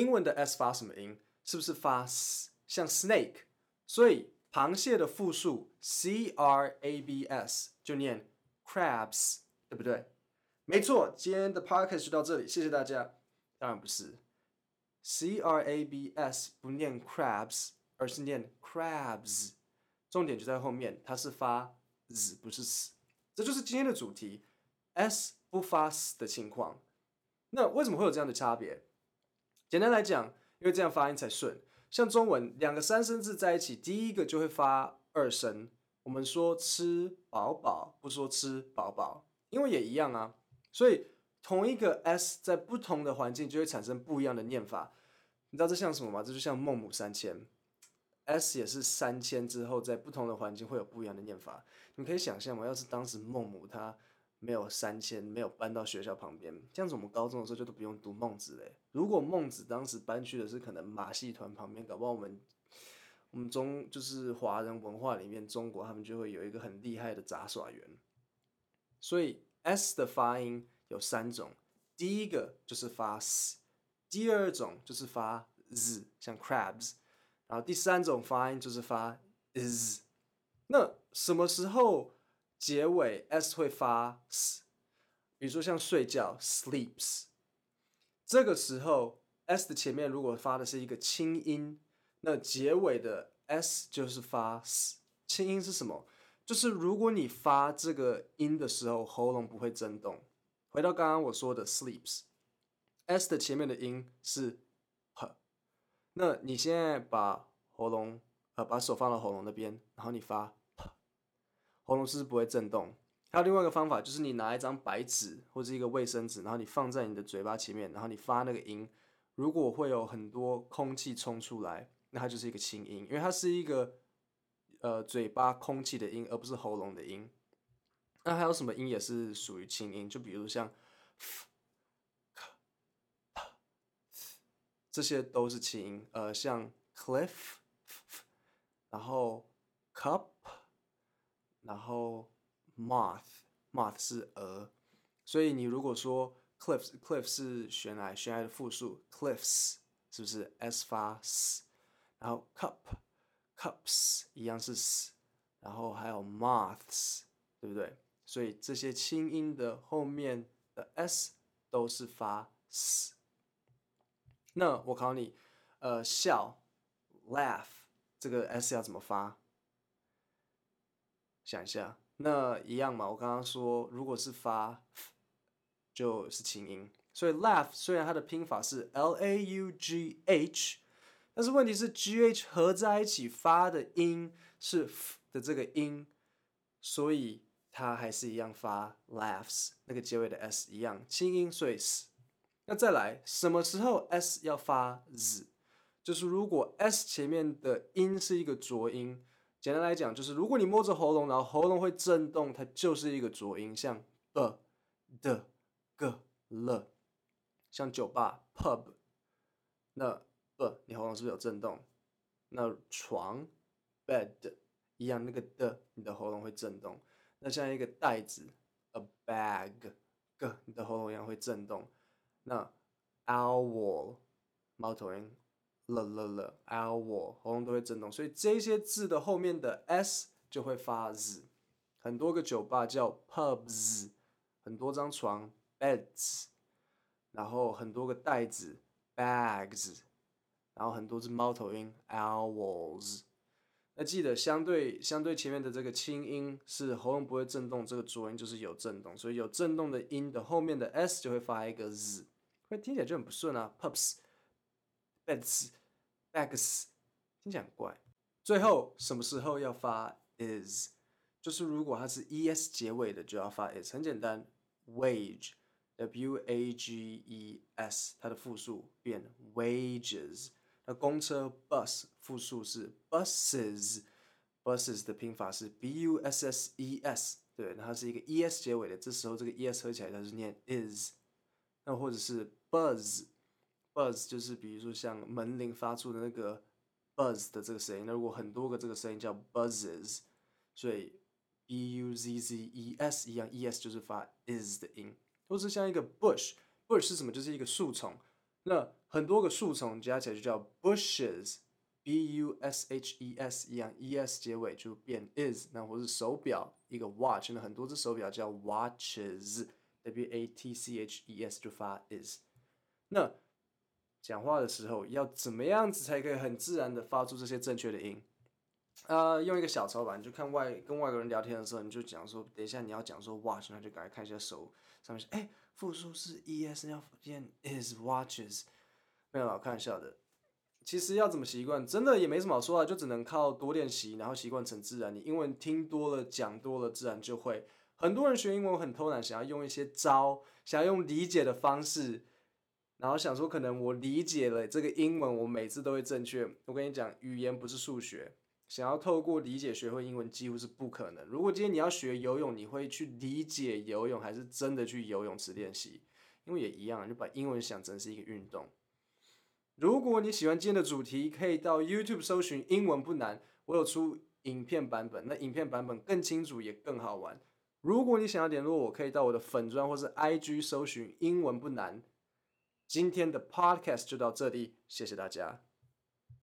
英文的 s 發什麼音？是不是發 s 像 snake？所以螃蟹的複數 c r a b s 就念 crabs，對不對？沒錯，今天的 podcast 就到這裡，謝謝大家。當然不是，c r a b s 不念 crabs，而是念 crabs。重點就在後面，它是發 z 不是死。這就是今天的主題，s 不發 s 的情況。那為什麼會有這樣的差別？簡單來講，因為這樣發音才順。像中文，兩個三聲字在一起，第一個就會發二聲。我們說吃飽飽，不說吃飽飽，因為也一樣啊。所以同一個 s 在不同的環境就會產生不一樣的念法。你知道這像什麼嗎？這就像孟母三遷，s 也是三遷之後，在不同的環境會有不一樣的念法。你可以想象嗎？要是當時孟母她。沒有三遷，沒有搬到學校旁邊，這樣子我們高中的時候就都不用讀孟子嘞。如果孟子當時搬去的是可能馬戲團旁邊，搞不好我們我們中就是華人文化裡面中國他們就會有一個很厲害的雜耍員。所以 s 的發音有三種，第一個就是發 s，第二種就是發 z，像 crabs，然後第三種發音就是發 iz。那什麼時候？結尾 s 會發 s，比如說像睡覺 sleeps，這個時候 s 的前面如果發的是一個清音，那結尾的 s 就是發 s。清音是什麼？就是如果你發這個音的時候喉嚨不會震動。回到剛剛我說的 sleeps，s s 的前面的音是 h，那你現在把喉嚨呃，把手放到喉嚨那邊，然後你發。喉嚨是不會震動。還有另外一個方法，就是你拿一張白紙或者一個衛生紙，然後你放在你的嘴巴前面，然後你發那個音，如果會有很多空氣衝出來，那它就是一個清音，因為它是一個呃嘴巴空氣的音，而不是喉嚨的音。那還有什麼音也是屬於清音？就比如像，這些都是清音，呃，像 cliff，然後 cup，然後 moth moth 是蛾，所以你如果說 cliffs cliffs 是懸崖懸崖的複數 cliffs 是不是 s 發 s，然後 cup cups 一樣是 s，然後還有 moths 對不對？所以這些清音的後面的 s 都是發 s。那我考你，呃笑 laugh 這個 s 要怎麼發？想一下，那一樣嘛，我剛剛說，如果是發，就是清音。所以 laugh 雖然它的拼法是 l a u g h，但是問題是 g h 合在一起發的音是 f 的這個音，所以它還是一樣發 laughs 那個結尾的 s 一樣清音。所以 s。那再來，什麼時候 s 要發 z？就是如果 s 前面的音是一個濁音。簡單來講，就是如果你摸着喉嚨，然後喉嚨會震動，它就是一個濁音，像 b、d、g、l，像酒吧 pub，那 b，你喉嚨是不是有震動？那床 bed 一樣，那個 d，你的喉嚨會震動。那像一個袋子 a bag，g，你的喉嚨一樣會震動。那 owl、well，貓頭鷹。了了了 owl 喉嚨都會震動，所以這些字的後面的 s 就會發 z。很多個酒吧叫 pubs，很多張床 beds，然後很多個袋子 bags，然後很多隻貓頭鷹 owls。那記得相對相對前面的這個清音是喉嚨不會震動，這個濁音就是有震動，所以有震動的音的後面的 s 就會發一個 z，會聽起來就很不順啊。pubs，beds。x 聽起來很怪，最後什麼時候要發 is？就是如果它是 es 結尾的就要發 is，很簡單。Wage，w a g e s，它的複數變 wages。那公車 bus 複數是 buses，buses buses 的拼法是 b u s s e s，對，那它是一個 es 結尾的，這時候這個 es 合起來它是念 is。那或者是 buzz。buzz 就是比如說像門鈴發出的那個 buzz 的這個聲音，那如果很多個這個聲音叫 buzzes，所以 b u z z e s 一樣 e s 就是發 is 的音，或是像一個 bush，bush bush 是什麼？就是一個樹叢，那很多個樹叢加起來就叫 bushes，b u s h e s 一樣 e s 結尾就變 is，那或是手表一個 watch，那很多只手表叫 watches，w a t c h e s 就發 is，那。講話的時候要怎麼樣子才可以很自然的發出這些正確的音？啊、uh，用一個小抄板，你就看外跟外國人聊天的時候，你就講說，等一下你要講說 watch，那就趕快看一下手上面說，哎、欸，複數是 es，要變 is watches，沒有啦，開玩笑的。其實要怎麼習慣，真的也沒什麼好說啊，就只能靠多練習，然後習慣成自然。你英文聽多了，講多了，自然就會。很多人學英文很偷懶，想要用一些招，想要用理解的方式。然後想說，可能我理解了這個英文，我每次都會正確。我跟你講，語言不是數學，想要透過理解學會英文幾乎是不可能。如果今天你要學游泳，你會去理解游泳，還是真的去游泳池練習？因為也一樣，就把英文想成是一個運動。如果你喜歡今天的主題，可以到 YouTube 搜尋“英文不難”，我有出影片版本，那影片版本更清楚也更好玩。如果你想要聯絡我，可以到我的粉專或是 IG 搜尋“英文不難”。今天的 podcast 就到這裡，謝謝大家。